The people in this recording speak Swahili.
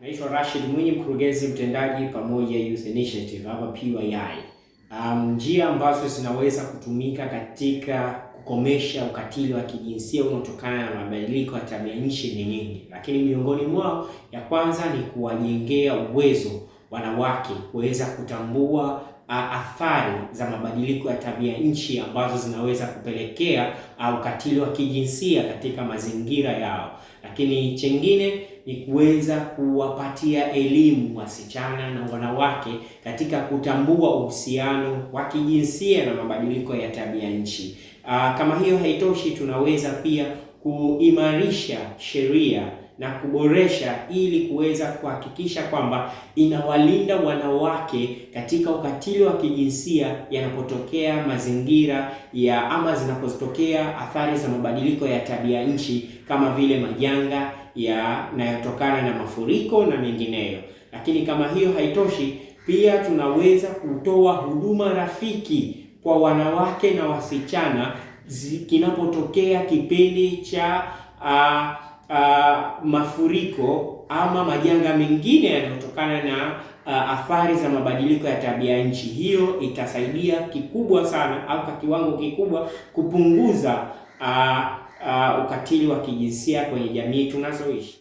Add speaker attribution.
Speaker 1: Naitwa Rashid Mwinyi, mkurugenzi mtendaji Pamoja Youth Initiative hapa PYI. Um, njia ambazo zinaweza kutumika katika kukomesha ukatili wa kijinsia unaotokana na mabadiliko ya tabia nchi ni nyingi, lakini miongoni mwao ya kwanza ni kuwajengea uwezo wanawake kuweza kutambua athari za mabadiliko ya tabia nchi ambazo zinaweza kupelekea ukatili wa kijinsia katika mazingira yao. Lakini chengine ni kuweza kuwapatia elimu wasichana na wanawake katika kutambua uhusiano wa kijinsia na mabadiliko ya tabia nchi. Kama hiyo haitoshi, tunaweza pia kuimarisha sheria na kuboresha ili kuweza kuhakikisha kwamba inawalinda wanawake katika ukatili wa kijinsia yanapotokea mazingira ya ama zinapotokea athari za mabadiliko ya tabia nchi kama vile majanga yanayotokana na mafuriko na mengineyo. Lakini kama hiyo haitoshi, pia tunaweza kutoa huduma rafiki kwa wanawake na wasichana kinapotokea kipindi cha uh, uh, mafuriko ama majanga mengine yanayotokana na uh, athari za mabadiliko ya tabia nchi. Hiyo itasaidia kikubwa sana au kwa kiwango kikubwa kupunguza uh, uh, ukatili wa kijinsia kwenye jamii tunazoishi.